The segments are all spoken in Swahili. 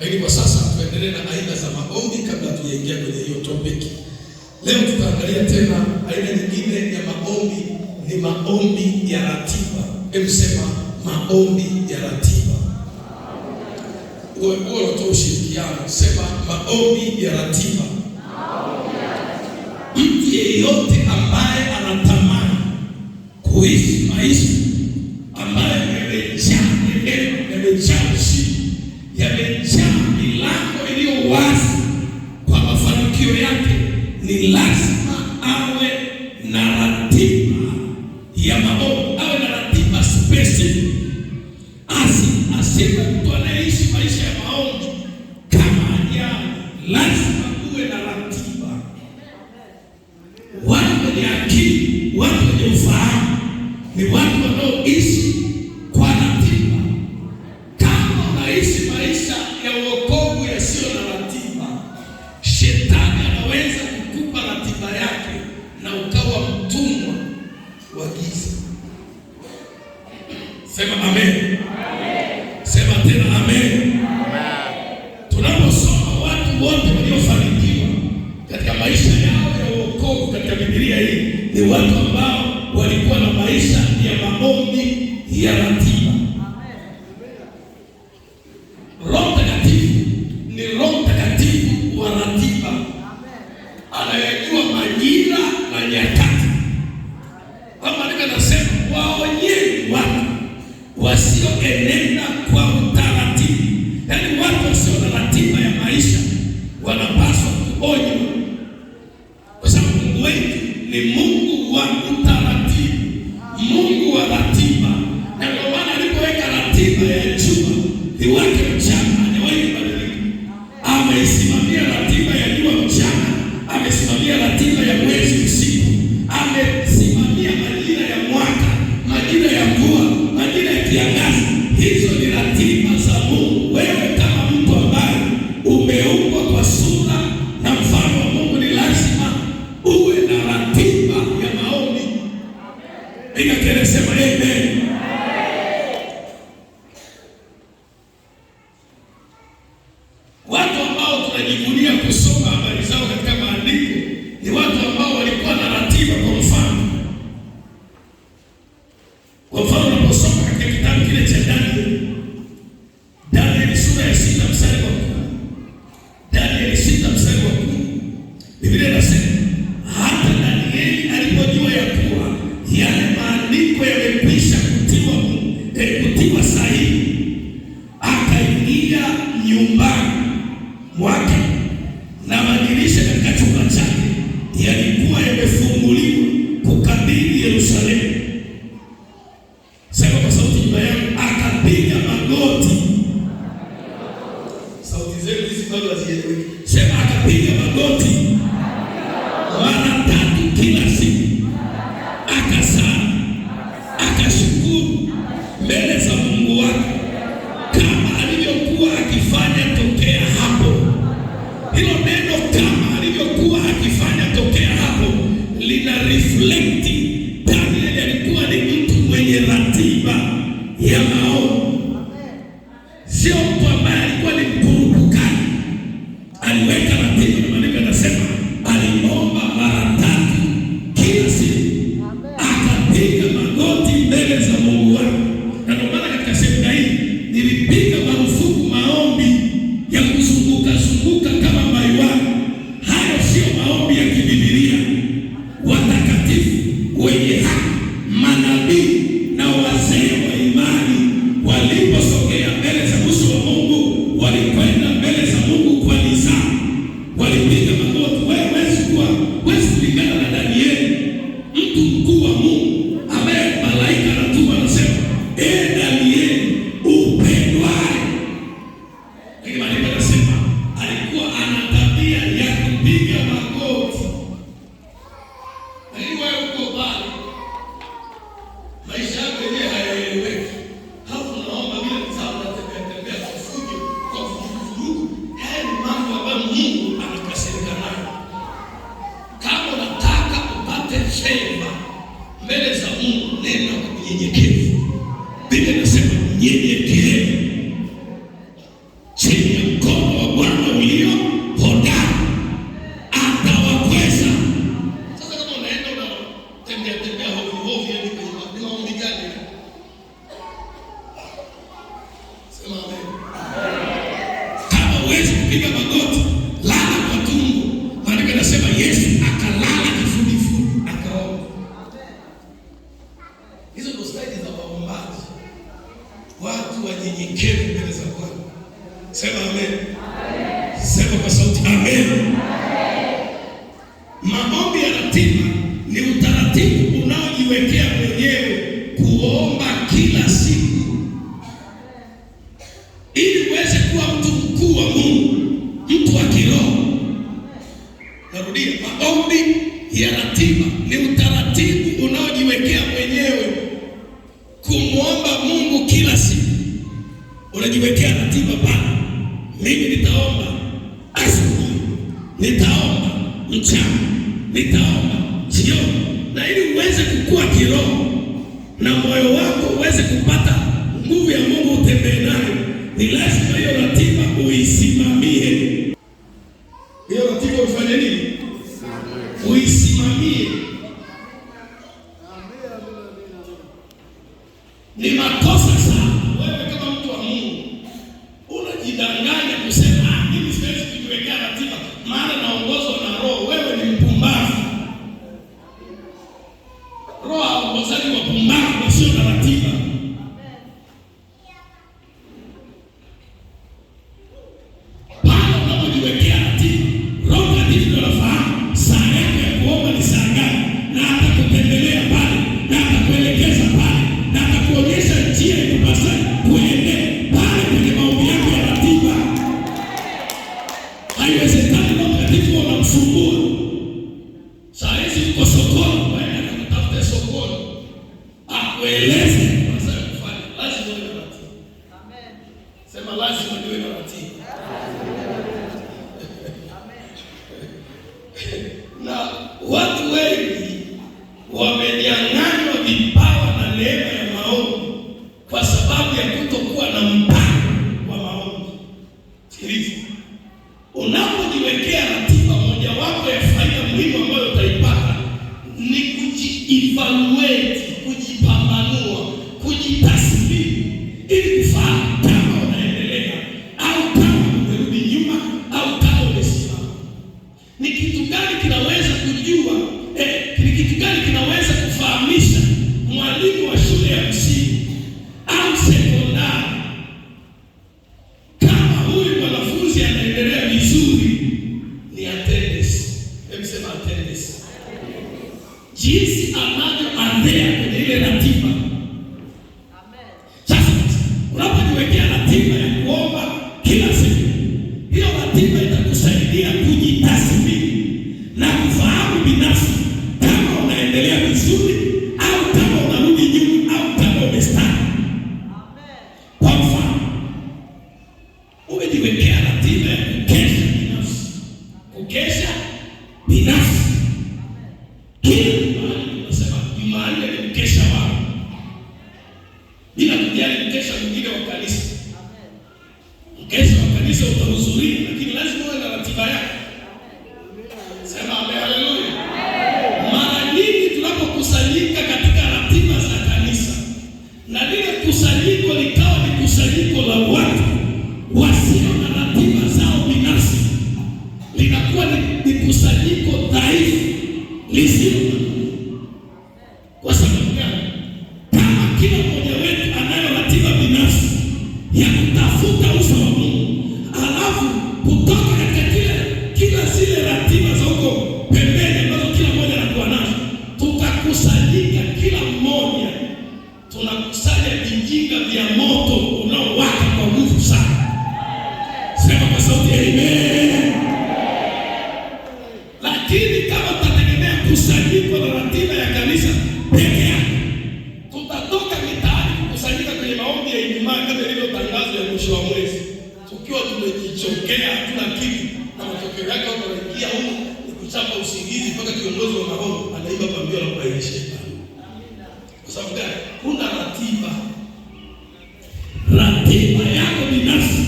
Lakini kwa sasa tuendelee na aina za maombi kabla tujaingia kwenye hiyo topic. Leo tutaangalia tena aina nyingine ya maombi, ni maombi ya ratiba. Hebu sema maombi ya ratiba. Wewe unatoa ushirikiano, sema maombi ya ratiba. Mtu yeyote ambaye anatamani kuishi maisha lazima kuwe na ratiba. Watu wenye akili, watu wenye ufahamu ni watu wanaoishi kwa ratiba. Kama unaishi maisha ya uokovu yasiyo na ratiba, shetani anaweza kukupa ratiba yake na ukawa mtumwa wa giza. Sema amen, Sema tena amen. watu ambao walikuwa na maisha ya maombi ya ratiba. Roho Mtakatifu ni Roho Mtakatifu wa ratiba, anayejua majira na nyakati. Kama ndivyo nasema, waonyeni watu wasioenea Amesema amen. Yeah. watu wanyenyekevu mbele za Bwana. Sema amen. Amen. Sema kwa sauti amen. Amen. Maombi ya ratiba ni utaratibu unaojiwekea mwenyewe kuomba kila siku ili uweze kuwa mtu mkuu wa Mungu, mtu wa kiroho. Narudia, maombi ya ratiba ni utaratibu na moyo wako uweze kupata nguvu ya Mungu utembee nayo, ni lazima hiyo ratiba uisimamie. Hiyo ratiba ufanye nini? Uisimamie. Ni makosa sana wewe kama mtu wa Mungu unajidanganya kusema ah, mimi siwezi kujiwekea ratiba maana jinsi anavyoanzea kwenye ile ratiba. Sasa unapojiwekea ratiba ya kuomba kila siku, hiyo ratiba itakusaidia kujitathmini na kufahamu binafsi kama unaendelea vizuri au kama unarudi nyuma au kama umestari. Kwa mfano, umejiwekea ratiba da fruta tukiwa tumejichokea hatuna kitu, na matokeo yake watu wanaingia huko ni kuchapa usingizi, mpaka kiongozi wa maroho anaiba kwa la shetani. Kwa sababu gani? Kuna ratiba, ratiba yako binafsi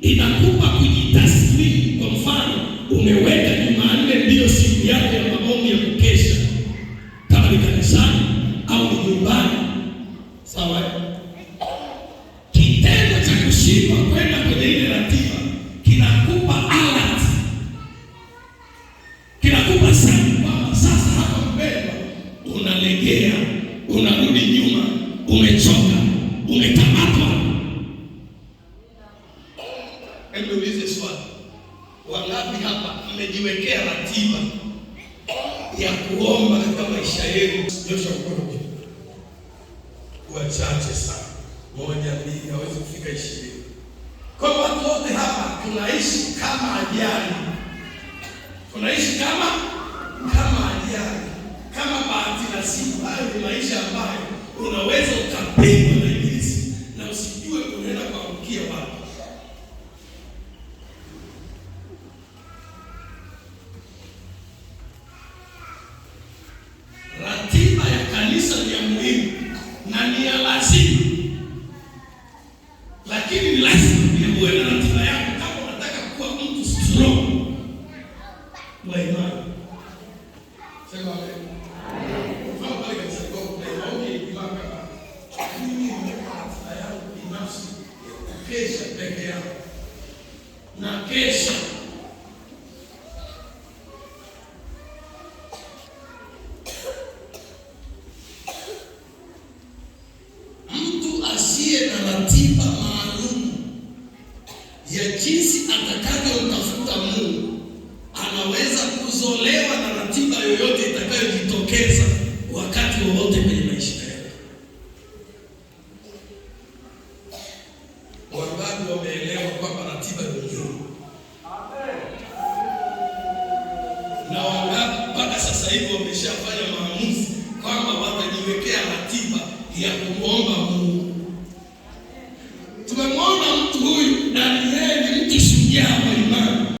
inakupa kujitathmini. Kwa mfano umeweka unalegea, unarudi nyuma, umechoka, umekamatwa. Hebu ulize swali, wangapi hapa mmejiwekea ratiba ya kuomba katika maisha yenu? Nyosha mkono, wachache sana, moja, mbili, hawezi kufika ishirini. Kwa watu wote hapa tunaishi kama ajali, tunaishi kama kama ajali kama bahati nasibu. Hayo ni maisha ambayo unaweza ukampenda dia